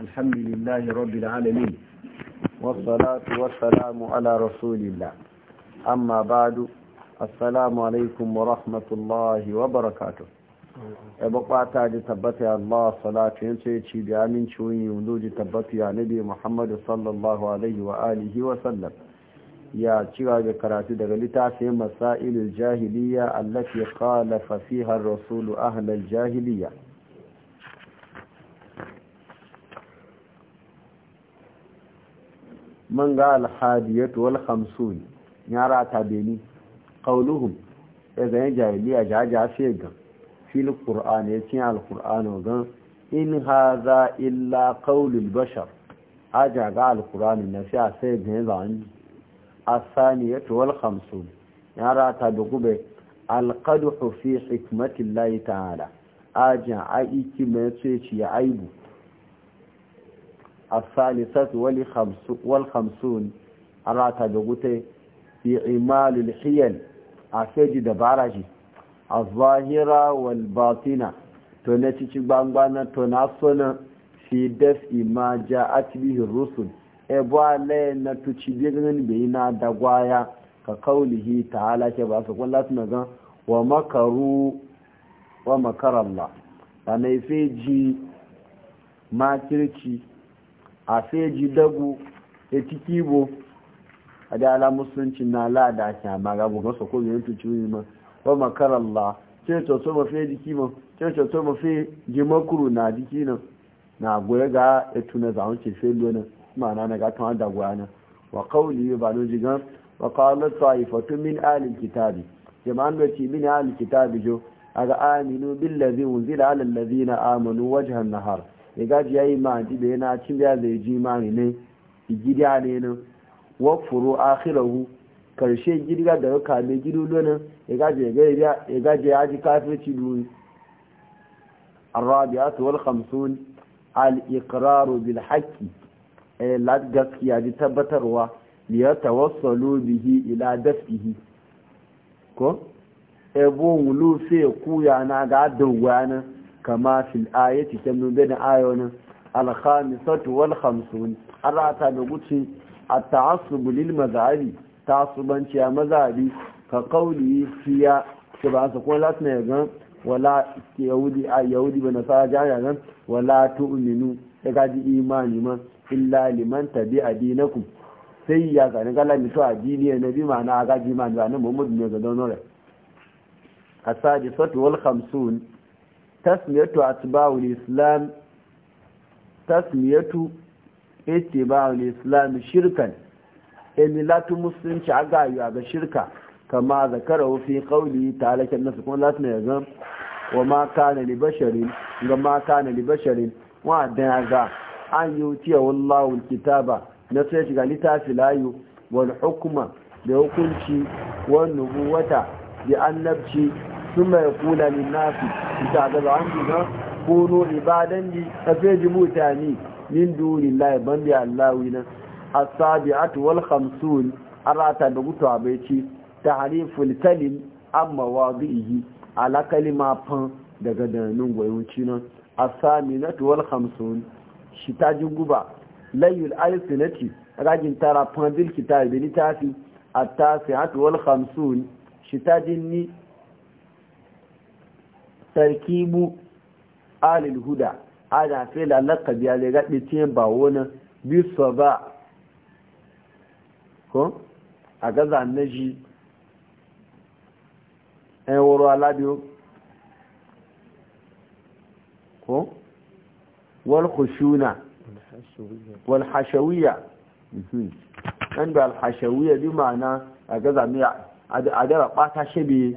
الحمد لله رب العالمين والصلاة والسلام على رسول الله أما بعد السلام عليكم ورحمة الله وبركاته أبقى تعالى تبتي الله صلاة ينسيتي آمين شوين ولود تبتي على نبي محمد صلى الله عليه وآله وسلم يا تشيبي da karatu daga مسائل الجاهلية التي خالف فيها الرسول أهل الجاهلية man ga alhadiyatu wal khamsun yara ta beni qauluhum daga yan jahiliya jaja sai ga fil qur'an ya cin alqur'an ga in hadha illa qaulul bashar aja ga alqur'an na sha sai ga zan asaniyatu wal khamsun yara ta dugube alqadhu fi hikmatillahi ta'ala aja aiki mai ce ci aibu الثالثة والخمسون على تبغوتي في عمال الحيل أفيد دبارجي الظاهرة والباطنة تنتيجي بانبانا تناصنا في دفء ما جاءت به الرسل ebuwa layin na tuci birnin bai na da gwaya ka kaulihi ta ke ba su kwallo suna gan wa makaru wa ji makirci a feji dagu e ci kibo a da ala musulunci na lada ta ma ga bu su ko yanzu ciwo ma wa makarallah ce to so ma fe jiki ma ce to so ma fe jimakuru na jiki nan na gure ga etu na zawon ce fe lona kuma na ga ta da goya na. wa qawli ba no jiga wa qalat ta'ifatu min ahli kitabi jama'an da ci min ahli kitabi jo aga aminu billazi unzila ala allazina amanu wajhan nahar ya gaji ya yi ma ji da yana cin biya zai ji ma ne gida ne nan wafuru akhirahu karshe girga da ka kame gidu lona ya gaji ya gaji ya ji kafirci duni الرابعة والخمسون a بالحق لا gaskiya ji tabbatarwa liyatawassalu bihi ila dafihi ko ebo wulu fe kuya na ga dawwana kama fil ayati kam nube da ayonin alhamisatu wal hamsun arata da guci a ta'assubu lil mazhabi ta'assubanci a mazhabi ka qawli fiya ke ba su ko latna ya gan wala yahudi a yahudi ba nasara jaya gan wala tu'minu ya gaji imani ma illa liman tabi adinakum sai ya zane gala mito addini na bi ma'ana a gaji ma da muhammadu ne ga daunar asadi satu wal hamsun tasmiyatu atba'u lislam tasmiyatu itba'u islam shirkan emilatu musulunci a gayu a ga shirka kama zakara fi qawli ta'ala kan nasu kuma lati ne ga wa ma kana li basharin ga ma kana li basharin wa dan ga an wallahu alkitaba na sai shiga litafi layu wal hukma da hukunci wa nubuwata bi annabci sun mai kula ne ta ita ga zuwa hannu na kono ibadan ji a feji mutane min duni lai ban da allawi nan a sabi atuwal hamsun an rata da gutu abinci ta harifin kalim amma wa zuihi ala kalima daga danin gwayonci nan a sami na tuwal hamsun shi ta ji guba layul alisinati ragin tara fan bilkita da littafi a tasi atuwal hamsun shi ta jinni tarkibu alil huda ana fi lalaka biya ne gaɗi ce ba wani bisa ba ko a gaza na ji ɗan wuro alabiyo ko wal khushuna wal hashawiya ɗan mhm. da al hashawiya bi ma'ana a gaza mai adara ɓata shabe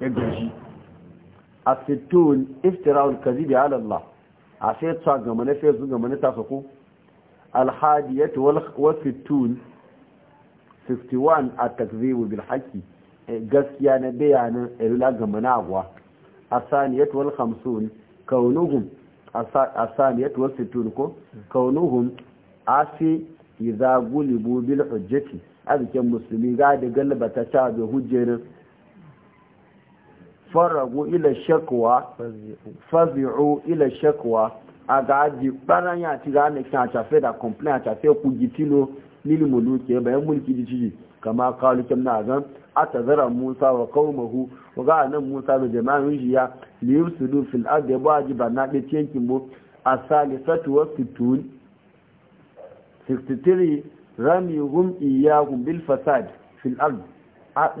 ya gaji a sittun kazibi ala Allah a sai tsa ga mana sai su ga mana ta sako alhadiyatu wal sittun 51 at takzibu bil haqqi gaskiya na bayana irla ga mana agwa asaniyatu wal 50 kaunuhum asaniyatu wal sittun ko kaunuhum asi idza gulibu bil hujjati azkin musulmi ga da galbata ta da hujjenin faragu ila shakwa fazi'u ila shakwa a ga aji ɓaran ya ci gane a da complain a cafe ku gitilo lili bayan mulki ji ciji kama kawo kyan na zan a musa wa kawo wa ga nan musa da jama'in shi ya liyu su fil ardi ya ba ji ba na ɗaya cikin bo a salisatu wa 63 rami hum iyahum bil fasad fil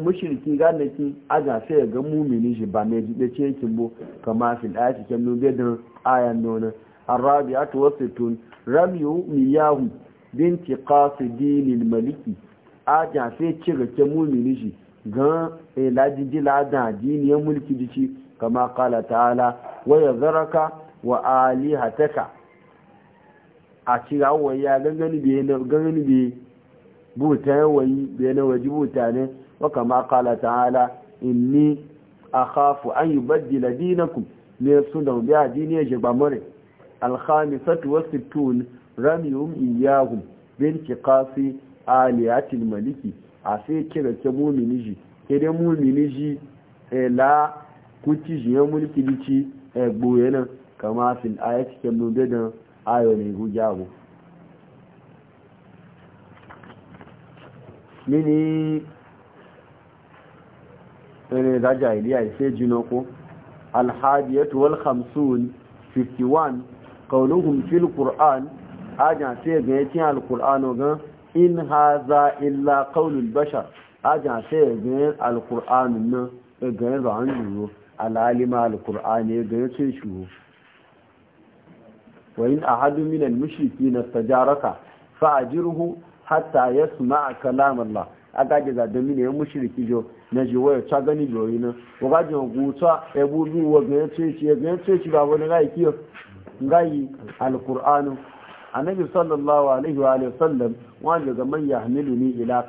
mushirki gane ki aja sai ga mumini shi ba mai jibe ce yakin bo kama fil ayati kan nube da ayan nona arabiatu wasitun ramyu miyahu binti dinin maliki aja sai ci ga ke mumini shi gan ilaji jila da mulki dici kama kala ta'ala waya zaraka wa ali hataka a cira waya gangani gangani bai na waje ne وكما قال تعالى إني أخاف أن يبدل دينكم ليصدوا بها ديني جبامري الخامسة والستون رميهم إياهم بانتقاص آليات الملك عفي كده كمومن جي كده مومن جي لا كنت جي ملك جي بوينا كما في الآية كمنبدا آية هجاهم mini sai da jahiliya sai jino ko alhadiyatu wal khamsun 51 qawluhum fil qur'an aja sai ga yakin alqur'ano ga in hadha illa qawlul bashar aja sai ga alqur'ano na ga ga an duro alalima alqur'ani ga yace shi wa in ahadu min al mushrikeena tajaraka fa ajirhu hatta yasma' kalam Allah agaje za domin ya mushriki jo na jiwo waya ta gani joyi na ko ga jin guta e bubu wa ga ya ganyen ga ce ba wani ga kiyo ngai alqur'anu sallallahu alaihi wa sallam wasallam wani daga man ni ila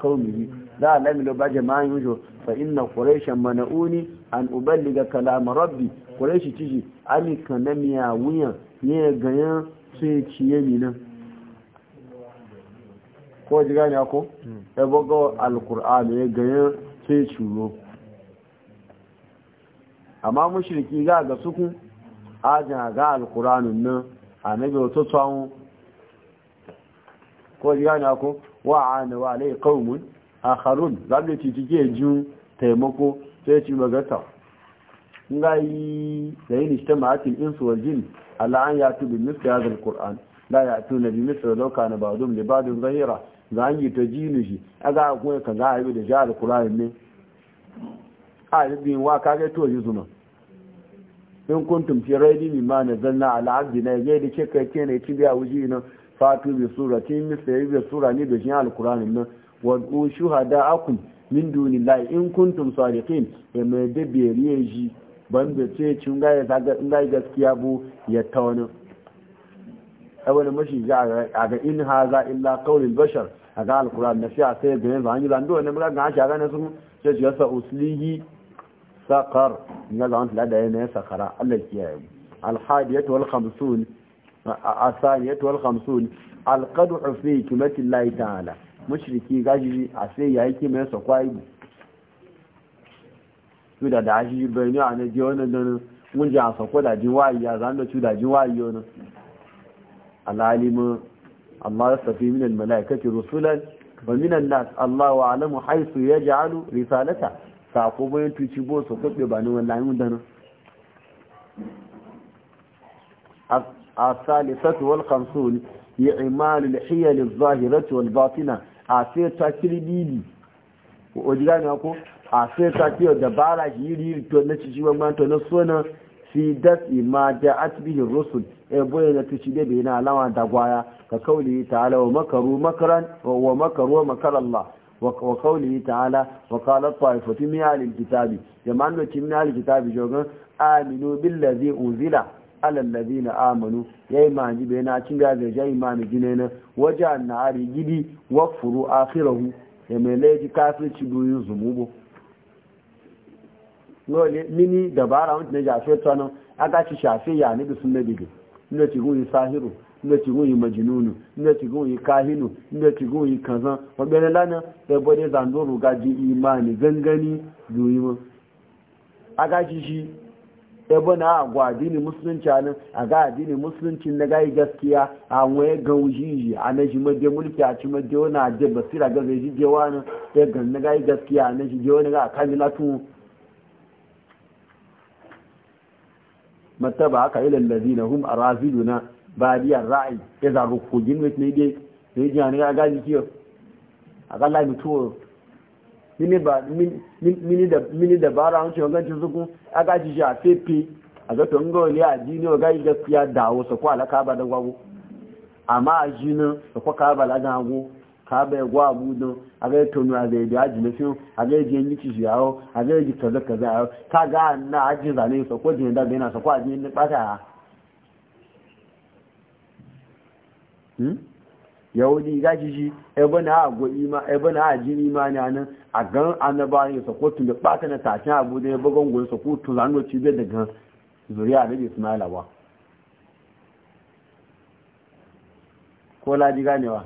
za a lamilo ba jama'an yujo fa inna quraishan mana'uni an uballiga kalama rabbi quraishi tiji ani kanamiya wuyan ne ganyen sai ya ni nan ko ji gani ko e bogo alqur'ani ya ganyen sai curo amma mushriki ga ga suku ajin ga alkur'anin nan annabi wato tsawon ko ji gani ko wa ana wa alai qaumun akharun zabe ti cike ju taimako sai ci magata ngai da yin ijtima'atil insu wal jin ala an yatu bi mithli hadha alqur'an la ya tu na bi misra lauka na ba dum libadin zahira za an yi ta jini shi a ga kuma ka za a yi da jihar kurayen ne a yi bin wa ka ga to yi zuma in kuntum fi raidi mi ma na zanna ala abdi na yi da kika ke ne biya wuji na fatu bi suratin misra sai bi sura ni da jihar kurayen nan wa shuhada akum min la in kuntum sadiqin ya mai da beriye ji ban da ce cin ga ya gaskiya bu ya ta wani awal mashi ga a ga in haza illa qaulul bashar a ga alquran na fiya sai ga yanzu an yi zando ne mura ga shi ga ne sun ce shi yasa uslihi saqar ga zan tala da yana sakara Allah kiyaye mu alhadiyatu wal khamsun asaniyatu wal khamsun alqadu fi kimatillahi ta'ala mushriki gaji a sai yayi kimai sa kwai cuda da da shi bayani a na jiyo na nan mun ji a sako da jin wayi ya zan da cuda jin wayi yo nan alalimin Allah ya safi minal mala'ikati rusulan wa minan nas Allah wa alamu haisu ya ja'alu risalata sako bayan tuci bo su kuɓe ba ni wallahi mun dana الثالثة والخمسون إعمال الحيل الظاهرة والباطنة أعطيتها كريبيلي وأجلاني أقول أعطيتها كيو دبارة جيري تونسي جيوان تونسونا fi dafi ma da bihi rusul e eh, boye na tuci da bai na alawa da gwaya ka kauli ta'ala wa makaru makaran wa makaru makar Allah wa kauli ta'ala wa qala ta'ifatu min ahli kitabi jama'an da min ahli kitabi jogan aminu billazi unzila ala alladhina amanu yayi ma ji bai na cin ga yayi ma ni gine na waja na'ari gidi wa furu akhirahu ya eh, mai laji kafirci doyin zumubo mini dabara wọn ti na ṣàfẹ́ tọ́nà aka ci ṣàfẹ́ yà níbi súnmẹ́ mẹ́bìdì nílò tí gún sáhírù nílò tí gún majinunu nílò tí gún yìí kahinu tí gún kanzan wọn lánà ẹgbẹ́ zandoro ga imani gangani lóyún wọn aka ci shi ẹgbẹ́ na agwa adini musulunci a musulunci na gaskiya a maje mulki a ci maje wani basira ga zai gaskiya a na na a mataba haka ilal ladina hum araziluna badiyar ra'i ya zaru kogin wet ne dai ne ji ne ga gaji kiyo a kan lai mutuwo mini ba da bara an ce wangan ci zuku a gaji shi a fefe a ga to ngo ne a ji ne ga gaskiya dawo su ko alaka ba da gwago amma a ji ne su ko ka ba la gago ka ya gwa budon a ga tonu a zai da aji na fiyo a ga yaji yanyi a ga kaza kaza ka ga na aji zane sa ndị jini daga yana sa ko ndị yin ha ya hmm? yahudi ga ci ebe na agwa ima ebe na aji ima ne a nan a gan annaba ne sa ko da bata na tashin abu da ya bugon daga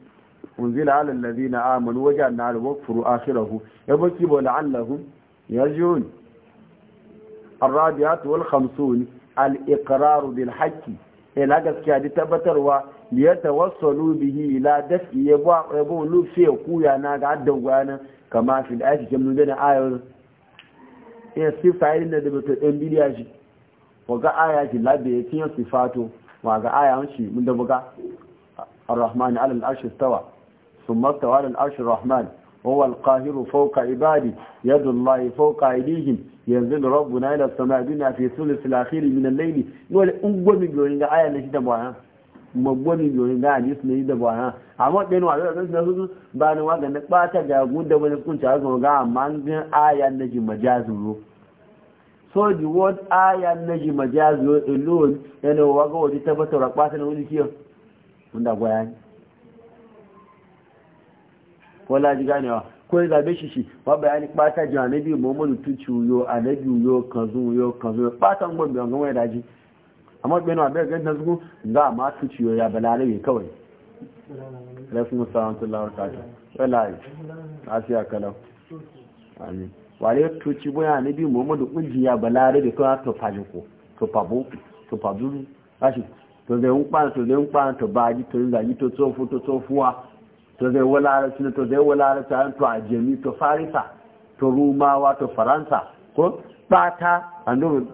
unzila على الذين amanu وجعلنا al waqfuru akhirahu yabki لعلهم la'allahum yarji'un والخمسون الإقرار بالحق إلى قسكي هذه تبتروا ليتوصلوا به إلى دفع يبو لفي قويا ناقع الدوانا كما في الآية كم نجد آية يصف عيننا دبتو إنبيلياجي وقا آية لا بيتين صفاته وقا آية من دبقى الرحمن على العرش استوى ثم استوى على العرش الرحمن هو القاهر فوق عباده يد الله فوق ايديهم ينزل ربنا الى السماء بنا في ثلث الاخير من الليل نقول أقوى من جورين آية نشيد أبوها مقوى من جورين ها اما أبوها على بين وعلى الناس نقول بأن واقع نقباتا جاقون دوانا كون غا وقع ان ايا نجي مجازو so the word aya naji majazi alone yana waga waje tabbatar rakwata na wani kiyo wanda gwaya wala ji ganewa ko ya zabe shi shi ba bayani bata ji annabi muhammadu tuci yo annabi yo kanzu yo kanzu bata ngon biyan gama ya daji amma bai na bai ganin su za ma tuci to zai walarci ne to zai walarci an to a jami to farisa to rumawa to faransa ko bata anu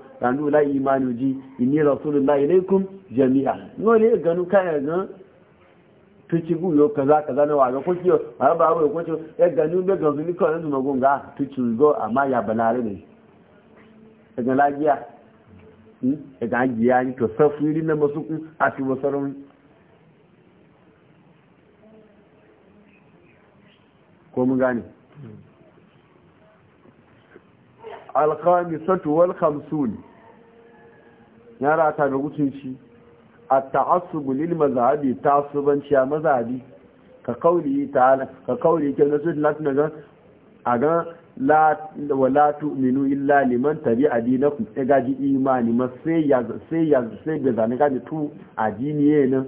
la imanu ji inni rasulullahi ilaikum jami'a no ne ganu kai ga tuci guyo kaza kaza na waga ko kiyo ba ba ko ko ya ganu be gazu ni ko ndu magunga tuci go amma ya banare ne daga lagiya daga hmm? ajiya ni to safiri na masu a tuwa sarari ko mun gane satu wal khamsun yara ta ga shi at-ta'assub lil mazhabi ta'assubanci a mazhabi ka kauli ta'ala ka kauli ke na sunna na ga aga la wala tu'minu illa liman tabi'a dinakum e ga ji imani ma sai ya sai ya sai ga zanaka ne tu addini ne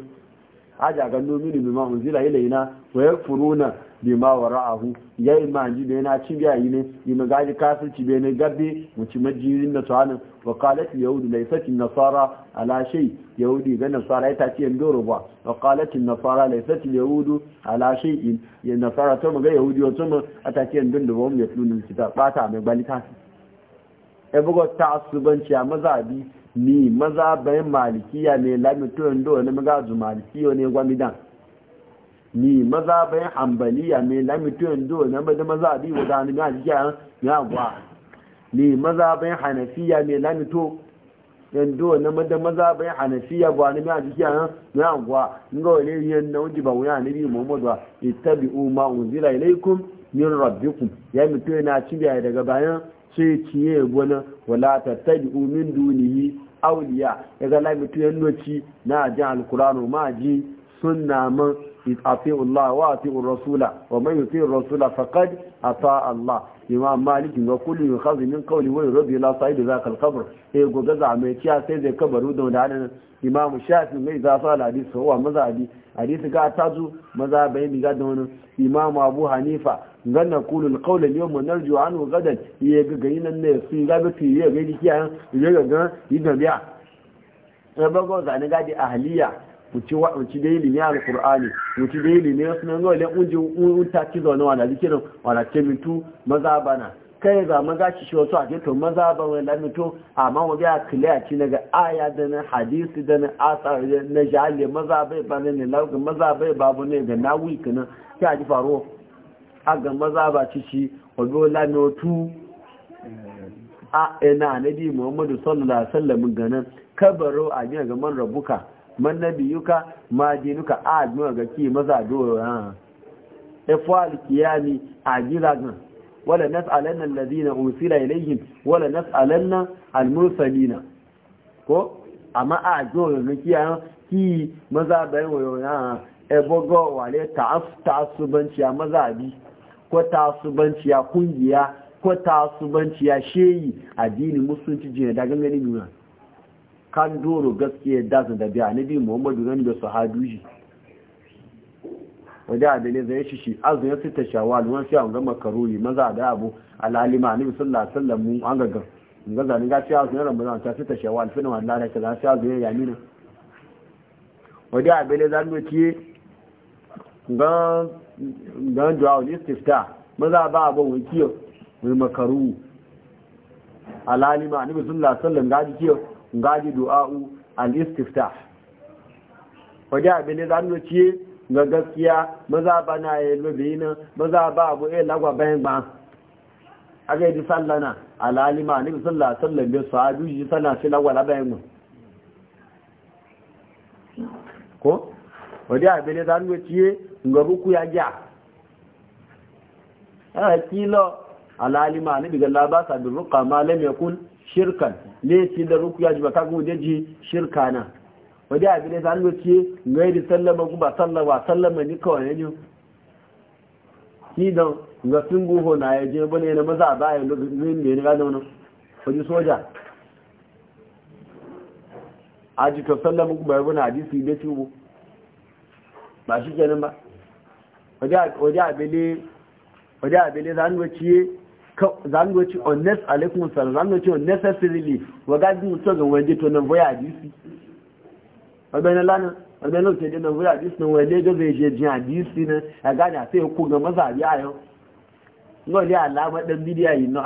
aja ga nominu bima unzila ilaina wa yakfuruna bima wara'ahu ma ji da yana cin yi ne ma gaji kafirci be ne gabbe mu ci majirin da tsanin wa qalat yahud laysat nasara ala shay yahudi ga nasara ita ce doro ba wa qalat nasara laysat yahud ala shay ya nasara to mu ga yahudi wato mu ata ce ndon ba mu ya tsunin kita bata mai balita e bugo ta asubanci a mazabi ni maza bayan malikiya ne lamito yando wani magazu malikiyo ne gwamidan ni maza bayan ambaliya ne lamito yando wani maza maza bi wadani malikiya ya gwa ni maza bayan hanafiya ne lamito yando wani maza maza bayan hanafiya gwani malikiya ya gwa nga wani na uji ba wuya nabi muhammadu wa ittabi'u ma unzila ilaykum min rabbikum ya mito yana cibiya daga bayan sai ciye gona wala ta tabi umin dunihi auliya ya ga lamitu yan noci na ji alkurano ma ji sunna man Allah أطيعوا الله وأطيعوا الرسول ومن يطيع الرسول فقد أطاع الله imam malik ga kullu yukhadhu min qawli wa yurdi ila sa'id zaka al-qabr E, goga za mai kiya sai zai kabaru da wanda imam shafi mai za sa hadisi wa mazhabi hadisi ga tazu maza bai mi ga da wani imam abu hanifa ganna kullu al-qawl al-yawm wa narju anhu gadan ya ga gani nan ne su ga ga tiye ga ni kiya ya ga ga yi ga biya sai bago zani gadi ahliya wuci da ilimi alkur'ani wuci da ilimi wasu nan gole unji unta ci zaune wa na zikirin wa na ce mintu maza bana kai za maza shi wasu a to maza ba wani da amma wani ya kila ci daga aya da na hadisi da na asar da na jale maza bai ba ne lauka maza bai babu ne ga na nan ji faro a ga maza ba ci shi a ina nabi muhammadu sallallahu alaihi wasallam ganin kabaro a gina ga man rabuka man nabiyuka ma dinuka a admiwa ga ki maza doro ha ifuwa e alkiyami a jiragen wala nas'alanna alladhina usila nas'alanna almursalina ko amma a ki maza bayan wayo ha ebogo wale ko ta'assubanci kungiya ko ta'assubanci a da nuna kan doro gaskiya da su da biya na muhammadu gani da sahabi shi wadda ne zai shi shi azu ya sita shawal wani shi an gama karoli maza da abu alalima ne sallallahu alaihi wasallam mun an gaga ga zani ga shi azu ne ramadan ta sita shawal fina wallahi da kaza shi azu ya yamina wadda adalai zan doki ga ga jawo ne istifta maza ba abu wani kiyo mai makaru alalima ne sallallahu alaihi wasallam ga kiyo gaji du'a'u al-istiftah wajen abin da zanu ciye ga gaskiya maza ba na yi lobe nan maza ba abu iya lagwa bayan ba a ga yi sallana alalima ni bi sallah sallan bi sahabi ji sallah shi lagwa la bayan mun ko wajen abin da zanu ciye ga buku ya ja a kilo alalima ni bi ga labasa bi ruqa ma lam yakun shirkan laifi da rukuya ji baka kuma ji shirka na wadda abin da hannu ce ngai da sallama kuma sallama sallama ni kawai ne ki dan ga sun guho na ya je bane na maza ba ya lokacin da ya riga da wannan wani soja ji ka sallama kuma ya bana hadisi da bu ba shi kenan ba wadda abin da wadda abin da zangoci on nes alaikum salam zangoci on necessarily wa gaji mutu ga to na voya hadisi ọgbẹ́ na lánà ọgbẹ́ náà tẹ́jẹ́ zai je jin hadisi na ya a ku ga maza biya yau ngo ne alama dan bidiya yi no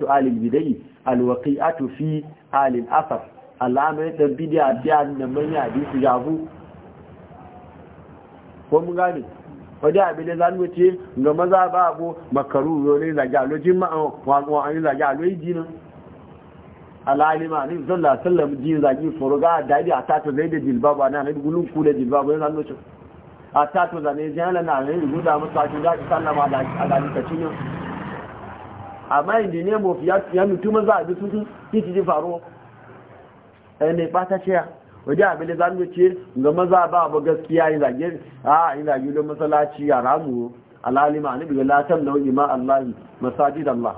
to alil bidai alwaqi'atu fi alil asar alama dan bidiya biya na manya hadisi jahu ko mun gane wajen abin da ga maza ba abu makaru yau ne zage alojin ma'an wa'an yi zage alojin jinin alalima ne zalla sallam jin zage furuga a zai da jilbaba na gulun ku jilbaba a zane jana na guda a sallama da A mafi maza a bisu yi ci faru ne ba ta ce ya wajen abin da za mu ce ga maza ba ba gaskiya yi zage a ina zage masalaci a ramu alalima ni biyu latan da wani ma'allahi da Allah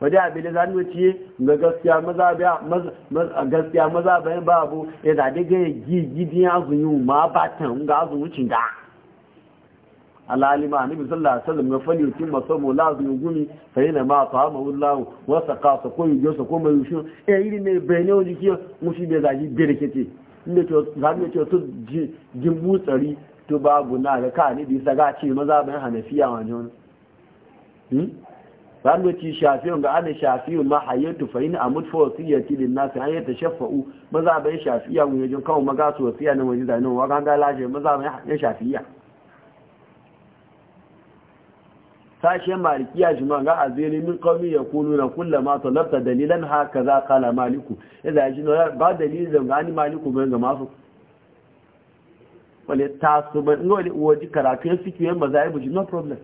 wajen abin da za mu ce ga gaskiya maza bayan babu ya zage ga gidiyan azuyin ma batan ga azuyin da alalima annabi sallallahu alaihi wasallam ya fali yutin masamu lazim gumi sai na ma ta ma wallahu wa saqasa ko yujo sa ko mai yushu e iri ne bene oji ki mushi be zaji berkete inda to zabi to to gimbu tsari to babu na ga ka ni bisa ga ce maza ban hanafiya wani. hmm zamu ci shafi'un ga ana shafi'un ma hayatu fa in amut fa wasiyati lin nas an yatashafa'u maza ban shafi'a wajen kawo maga su wasiya nan wajen da nan wa ga laje maza ban shafi'a sashen malikiya shi ma ga azini min na yaquluna kullama talabta dalilan hakaza kala maliku idza shi ba dalilin ga ni maliku ban ga masu wale tasu ban ngole waji karatu ya fiki yan mazaibu shi no problem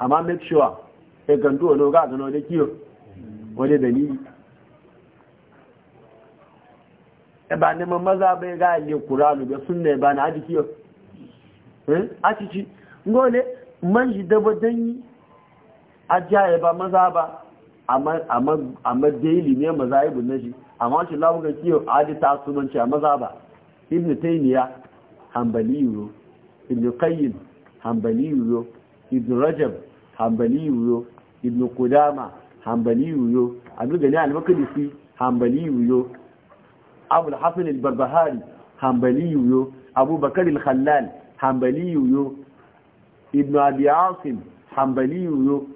amma make sure e gandu ono ga gano da kiyo wale dalili e ba ne maza bai ga le qur'anu da sunna ba na aji kiyo eh a cici ngole man shi daba don yi a jaye ba maza ba a daily ne maza yi bu naji amma shi labuga kiyo adi ta sumanci a maza ba ibn taymiya hanbali yuro ibn qayyim hanbali yuro ibn rajab hanbali yuro ibn Kudama hanbali yuro abdul gani al-maqdisi hanbali yuro abul hasan al-barbahari hanbali yuro abubakar al hambali yiwu ibn abi asim hanbali yo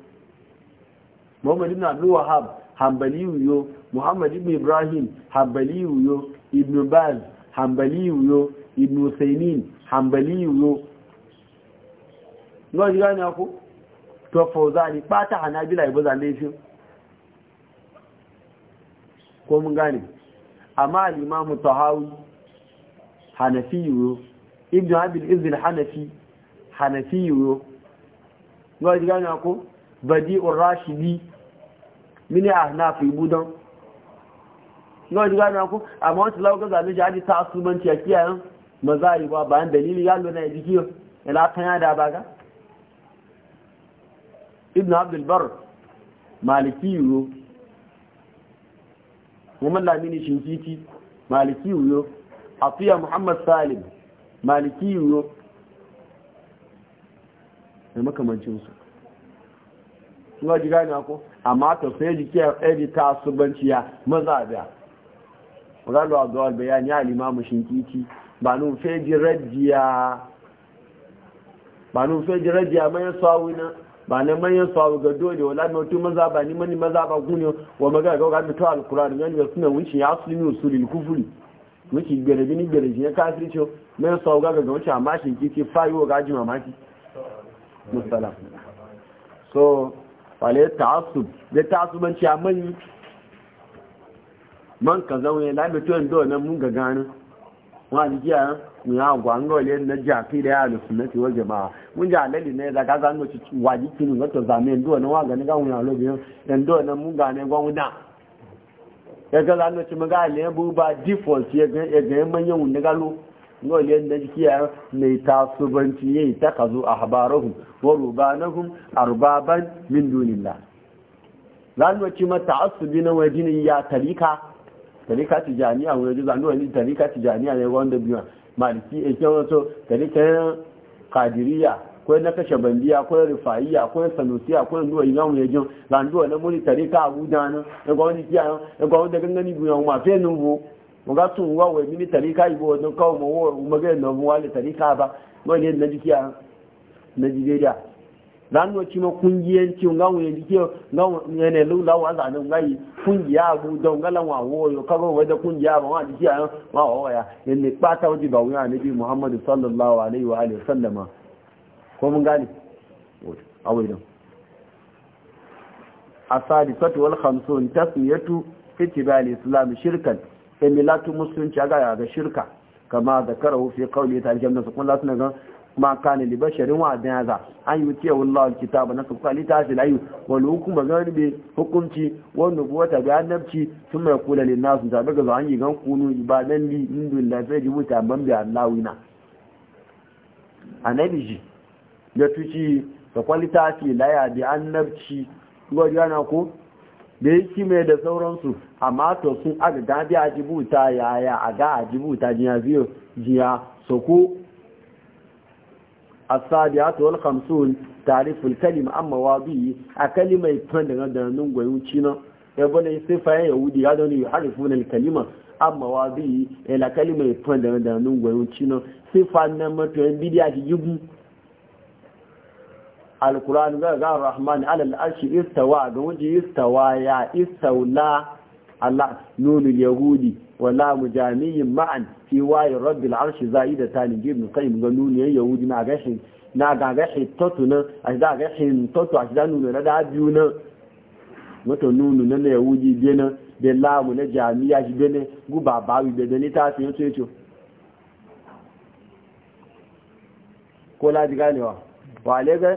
muhammad ibn abdul wahab hanbali yo muhammad ibn ibrahim hanbali yo ibn baz hanbali yo ibn usaymin hanbali yo ngo jira na ko to fauzani bata hanabila ibo zane shi ko mun gane amma al-imam tahawi hanafi yo ibn abi al-izz al-hanafi hanafi yiwu ga ji gane ku badi urashidi mini a na fi budan ga ji gane ko, amma wata lauka zaɓe shi aji ta asubanci a kiyayen mazari ba bayan dalili ya lona ya jiki ila ta yada ba ga ibn abdulbar maliki yiwu muhammad lamini shinkiti maliki yiwu afiya muhammad salim maliki yiwu da makamancinsu suna ji gani ako amma ta sai jike eri ta subanciya maza biya a zuwa bayani ya limamu Kiki? ba nun feji rajiya ba nun feji rajiya mayan na ba na mayan sawi ga dole wala na wato maza ba ni mani maza ba gune wa magana ga gami ta da yani wasu ne wuncin ya su ne usulil kufuri wuci gbere bini gbere ya kafirce mayan sawi ga ga a mashin Kiki, fayi wa gaji mamaki musalam so ta'assub da ta'assubanci a mai man ka zaune na bi tuwon do nan mun ga gani wa jiya mu ya na jafi da ya sunnati wal jamaa mun ja ne da kaza no ci waji kinu ga to zame do nan wa ga ni ga mun ya lobi do nan mun ga ne da ya ga ci mun ga bu ba default ya ga ya ga wani yadda jikiya mai tasubanci ya yi ta kazo a habarahun wa rubanahun arbaban min dunilla zanuwa ci mata asubi na wajen ya tarika tarika ci jami'a wajen zanuwa ni tarika ci jami'a ne wanda biyu maliki a eh, kyan wato tarika kadiriya ko na kashe bandiya ko rufayiya, ko sanusiya ko nuwa wani ya jin zanuwa na muni tarika abuja na ya gwamnati kiyayen ya gwamnati gangani biyu ya kuma fe nubu nga tun wa wai mini tarika ibo don kawo ma wo maga na mu wale tarika ba no ne na jikiya na jigeria dan no ci ma kungiyen ci nga wo nga ne lu za ne kungiya bu wa wo yo kawo wai da kungiya ba wa jikiya wa wa ya ne pa ta ba muhammad sallallahu alaihi wa alihi sallama ko mun awai don wal khamsun tasmiyatu islam shirkan emilatu musulunci a ga shirka kama da karahu fi qawli ta aljanna su kun latuna ga ma kana li basharin wa adana za an yuti wallahi ba na su kali ta fil ayu wani hukuma zan bi hukunci wa nubuwata ga annabci sun mai kula lin nas da daga zo an yi gan kunu ibadan li indu la fa ji muta ban bi a anabi ji ya tuci da kwalita ce laya bi annabci gwajana ko da ya kime da sauransu amma to sun aga gabi a jibuta yaya a ga a jibuta jiya biyu jiya soko asadiyatu wal khamsun tariful kalima amma wadi a kalimai tun daga da nan goyin cina ya bane sifayen yahudi ya dani harifu na kalima amma wadi ila kalima tun daga da nan goyin cina sifan nan mato yan bidiya ki yubu alkur'an ga ga rahman alal arshi istawa ga wuji istawa ya istaula Allah nunu yahudi wala mujamiyin ma'an fi wayi rabbil arshi da tani ibn qayyim ga nunu yahudi na gashi na ga gashi totu na a ga gashi totu a ga nunu na da biyu na mutu nunu na yahudi bena da lamu na jami'a shi bena guba bawi da ne ta fiye ce ce ko ladi ganewa wale ga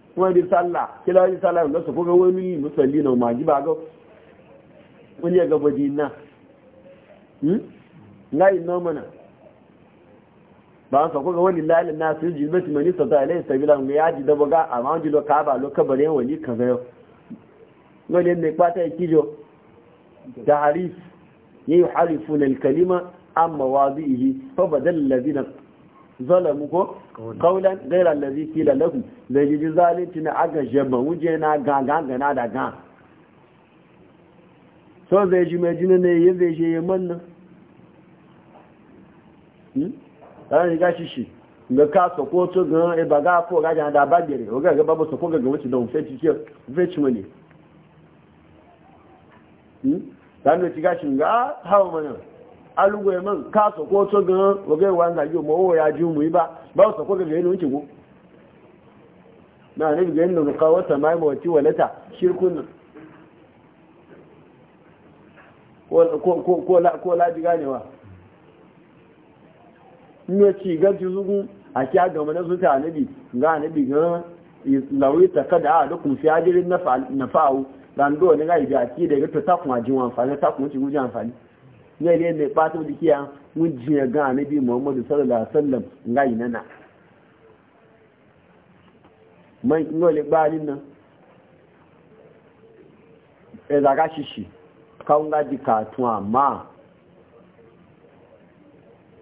wọ́n di sálà kí lọ́wọ́ di sálà lọ́sọ̀ fún owó ní ìmúsọ̀lì náà jí bá gọ́ wọ́n ní ẹgbẹ́ bọ̀dì hmm? láì ba an sako ga wani lalin na su ji zubati mani sata ilai sabila ga ya ji dabo ga amma an ji ka ba lo kabar yan wani ka zayo wani ne kwata yake jo da harif yi harifuna al-kalima amma fa zalamu ko kaulan gaira lazi fila lahu da jiji zalunci na aga jaba wuje na gaga gana da ga so zai ji mai jini ne yi zai je yaman nan ɗan riga shi shi ga ka sako to ga e ba ga ko ga da ba gere o ga ga babu sako ga ga wuce da mu sai cike vech mane hmm dan ne tiga shi ga hawo mana alugwe man ka so ko to gan wage wan ga yo mo ya ji mu ba ba so ko ga yin unci go na ne ga yin da kawata mai mu ci walata shirkun ko ko ko la ko la ji ganewa ne ci ga ji zugun a kya ga mana su ta nabi ga anabi ga lawita kada a dukun fi ajirin na fa'u. dan do ne ga ibi a ci daga to ta kuma ji amfani ta kuma ci guji amfani ne ne mai fata da kiya mun jiya ga annabi Muhammadu sallallahu alaihi wasallam ga yi nana man ino le ba nin nan e da ga shishi kawun ga di tun amma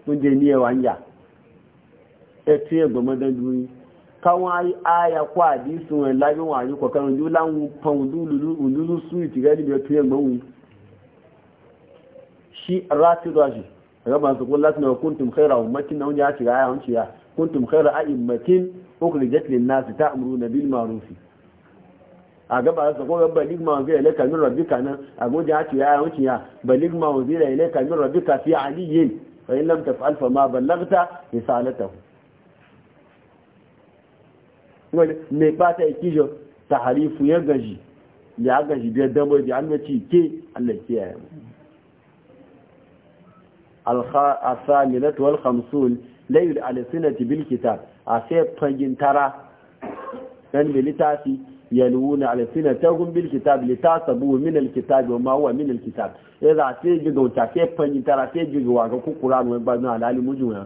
mun je ni e wanja e tiye gbomodan aya káwọn ayà kó àdísùn ẹ̀ láyé wọn àyíkọ̀ kan ojú láwọn pọ̀n òdúlùsù ìtìrẹ́ níbi ẹ̀tún ẹgbẹ̀wò shi rafi rashi gaban su kullu latin kuntum khayra ummatin nan ya ci ga yawanci ya kuntum khayra a'immatin ukhrijat lin nas ta'muruna bil ma'ruf a gaba su ko balig ma zai ilaka min rabbika nan a goje ya ci ya yawanci ya balig ma zai ilaka min rabbika fi aliyin fa in lam taf'al fa ma ballaghta risalatahu wani mai bata kijo taharifu ya gaji ya gaji biyar damar da an ke Allah kiyaye mu الخامسة والخمسون ليل على سنة بالكتاب أسيب فنجن ترى أن بلتاسي يلوون سنة تغم بالكتاب لتاسبوه من الكتاب وما هو من الكتاب إذا أسيب جوتا أسيب فنجن ترى أسيب جوا كو قرآن ويبازنا على المجونة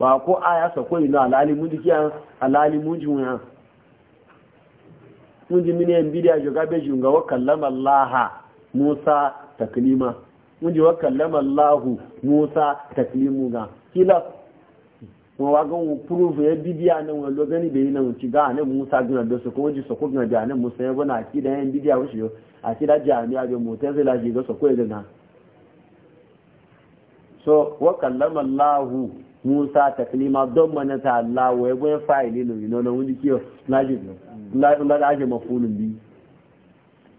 وأكو آية سكوي نا على المجونة على المجونة mun ji mini yan bidiyar shugabin shugaba kallama Allah musa taklima wanda wa kallama Allahu Musa taklimu ga kila wa wá gan púrúfù yẹn bíbí àná wọn lọ gẹ́ni bèyí náà ti gá àná musa gbìnà lọ́sọ̀ kó wọ́n ti sọ̀kó gbìnà bí àná musa yẹn bọ́nà àti ìdá yẹn bíbí àwòṣe yọ àti ìdá jẹ àmì àjọ mọ̀ laji láti ìdọ́sọ̀ kó ẹ̀dẹ̀ náà. so wọ́n kàlámà láàhù musa tẹ̀kílímà dọ́gbọ̀nà tà láwọ̀ ẹgbẹ́ fáìlì lòyìn náà wọ́n ti kí ọ lájẹ̀ mọ̀ bi.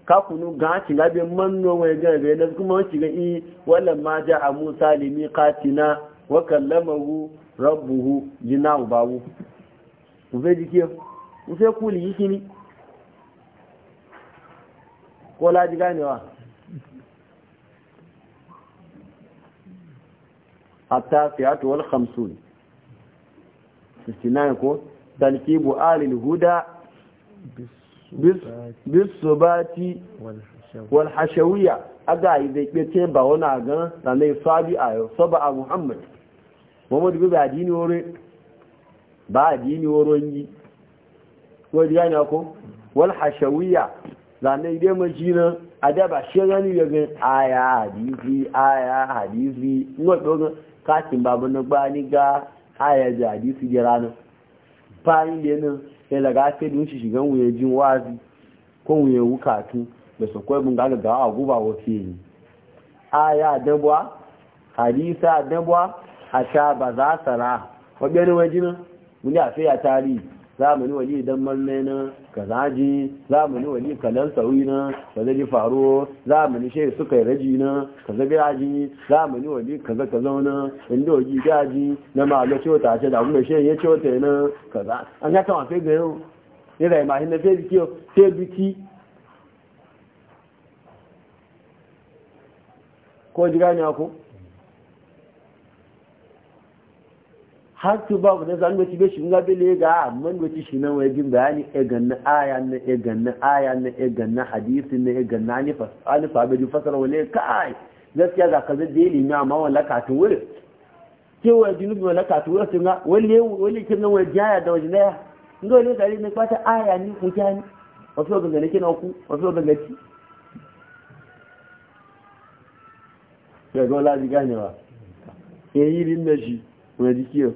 kakunu ga ci labe manno wai ga ga na kuma ci ga i wala ma ja a Musa limi qatina wa kallamahu rabbuhu jina ubawu ufe jike ufe kuli yiki ni ko la ji ganewa hatta fiyatu wal khamsun 69 ko tankibu alil huda bisubati walhashawiya aga yi zai kpece ba wani agan da na a yau saba a muhammad muhammad gobe a dini wore ba a dini woron yi wadda ya ne ko walhashawiya da na ide mashi na adaba shi gani ya gan aya hadisi aya hadisi wadda ogun katin babu na gbani ga aya da hadisi jirana nan da yanin sai daga sai dun shi shigan wuya jin wazi ko wuye wukatu da su kwai mun gaga gawa a guba wasu yi aya dabwa hadisa dabwa a sha ba za sara wajen wajina mun a sai a tarihi zamani wali dan marne na kazaji zamani wali kalan sauyi na kaza ji faro zamani shehu suka yi raji na kaza biraji zamani wali kaza kaza na inda waji gaji na malo cota ce da kuma shehu ya cota na kaza an ya kama sai gayo yau ni rai ma hinna sai biki sai biki ko ji gani ko har su babu da zan wace bai shiga bele ga amma wace shi nan wai bayani e ganna aya na e ganna aya na e ganna hadisi na e ganna ni fa ani fa bai fasara wale kai gaskiya ga kaza da ilimi amma wala ka tu wuri ke wa junubi wala ka tu wuri ga wale wale kin nan wai jaya da wajin daya ngo ne tare ne kwata aya ni ku jani wasu ga ne kina ku wasu ga gaci ya ga wala ji ganewa yayi e rin da shi wani dikiyo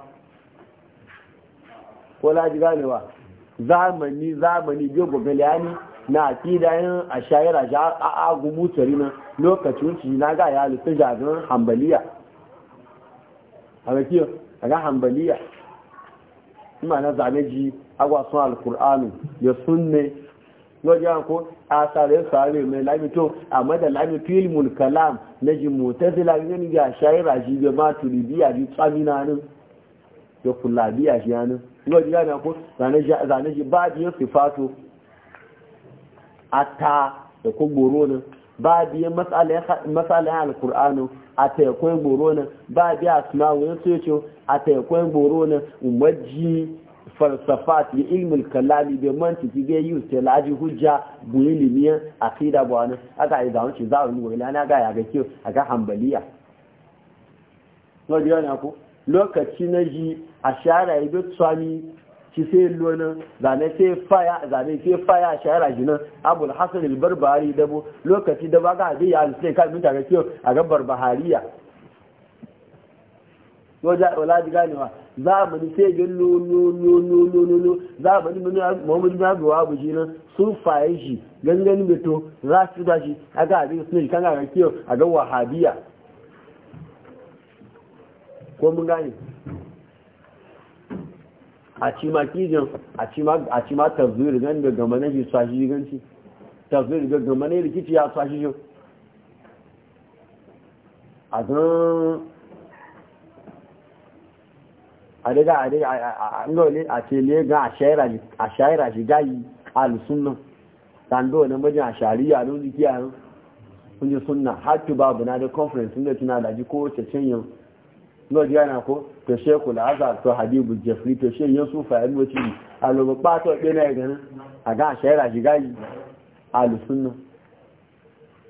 ko laji ganewa zamani zamani biyo gogaliyani na akidayen a shayara a agubu tari na lokacin ci na ga ya lutsa jagan hambaliya a bakiyar a ga hambaliya ima na zane ji agwa sun alkur'anu ya sunne lọ́jọ́ àkó asàrẹ́ mai lamito a mada lamito ilmùn kalam na ji mota zai nígbà ṣayẹ́rà jí gẹ́gẹ́ máa tùrì bí àbí tsamina nan ya kula biya àṣíyá nan yau ji gane ko zane shi ba biyan sifato a ta da ko goro a ya kwan a kwan falsafat ilmul kalami bai mantiki bai yi ta laji hujja bu ilimiyan akida ba wani a yi za a yi wani a ga hambaliya. lokaci na ji a shara ya bi tsami ki sai lona zane sai faya zane sai faya a shara jinan abul hasan al-barbari dabo lokaci da ba ga da ya sai ka mun ga kiyo a ga barbahariya wajen wala ji mu ni sai za mu ni mun muhammadu na gawa bu jinan su sun faye shi gangan beto za su da shi a ga abin sun kan ga kiyo a ga wahabiya ko mun gani a ci ma kijin a ci ma tazuri gan da gama na shi sashi ganci tafzir ga gama na rikici ya sashi shi a zan a daga a daga a ngole a ce ne ga a shayara shi gayi alusunan tando na majin a shari'a don zikiya nan kun sunna har babu na da conference inda tuna da ji ko wace canyin lord yana ko to shekul azhar to habibu jeffrey to she yusufa ya nuci alobo pato pe na ganin a ga shaira shigayi alusunna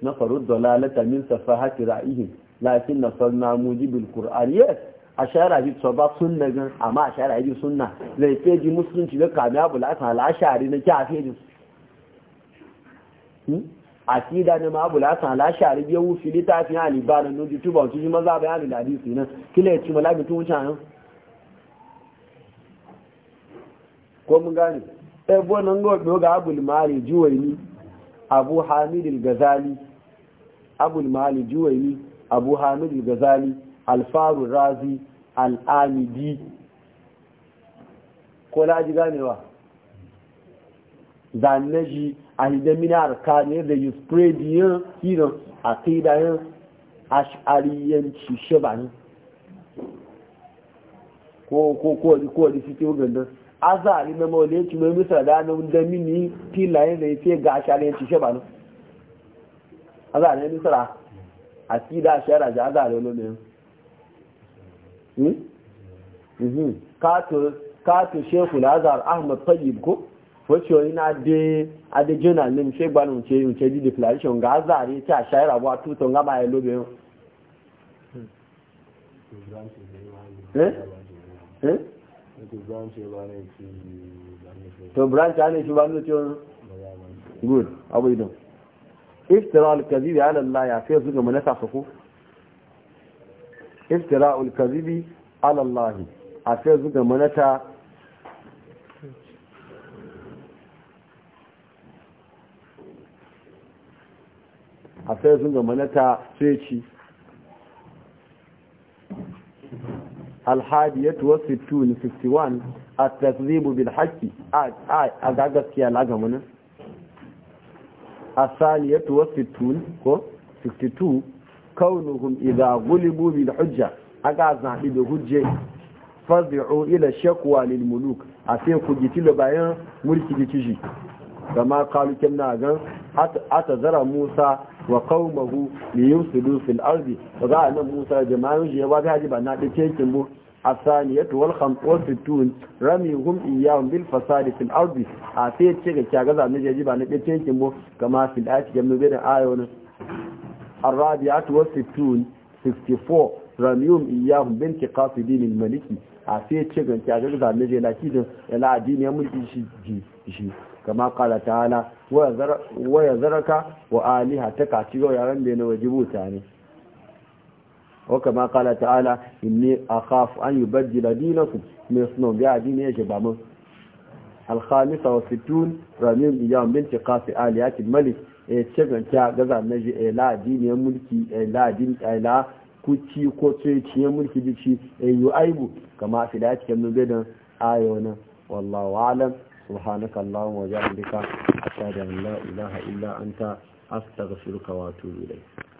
na faru dalalata min safahati ra'ihim lakin nasarna mujibil qur'an yes a shara ji to ba sunna gan amma a shara ji sunna zai feji musulunci da kamiya bulatan al'ashari na kya feji hmm? akida ne ma bula san la shari biyo wufi litafin alibana no youtube on tuji maza bayan da hadisi nan kila ya ci malabi tun wuce nan ko mun gane eh bonan go do ga abul mali juwaini abu abu hamid al-ghazali razi al-amidi ko la zanneji a hidamina arka ne da yi spread yin kiran a kai da yin ash'ariyanci shi ba ne ko wani fito gandun azari na mauliyanci mai misar da na mini, filayen da ya ce ga ash'ariyanci shi ba ne azari na misar a fi da a ji azari wani ne hmm? Hmm? kato shekula azar ahmad tayyib ko wacce wani na ade journal ne mishe gbanu nce nce di declaration ga zare ta shayar abuwa tuto nga ma yalo bayan to branch shi ba nuce wani good abu idan iftira ala Allah ya fi zuga iftira a sai sun ga manata sai ci alhadiyatu wa 60 61 at tazibu bil haqqi a ga gaskiya la ga mun asaliyatu wa 60 ko 62 kaunuhum idha ghulibu bil hujja aga zabi da hujje fazi'u ila shakwa lil muluk a sai ku gitilo bayan mulki da kama kalu kenna gan ata zara musa wa qaumahu li su fil ardi fa za a annabi Musa jama'u ya ba haji ba na dace kin bu asaniyatu wal rami ramihum iyyahum bil fasad fil arzi a sai ya ce ga kaga zamu je ji ba na dace kin bu kama da ardi jama'u bi da ayo ne arabiyatu wa sittun 64 ramihum iyyahum bil qasidin al maliki a fiye ya ce ganci a ga zane ne na ki din ila ya mulki shi ji shi kama kala ta hana waya zaraka wa aliha ta kaci ga yaran da ya waje bota ne wa kama kala ta hana in ne a kafu an yi bajji da dina ku mai suna bi addini ya shiga min alhamisa wa sitin ramin iyawan binci kafi aliyakin malik ya e ce ganci a ga zan ne la addini ya mulki e kuci ko tsaye ciye mulki jiki ayyu eh, aibu kama fi da cikin nubedan ayo wallahu alam subhanaka allahumma wa bihamdika ashhadu an la ilaha illa anta astaghfiruka wa atubu ilayk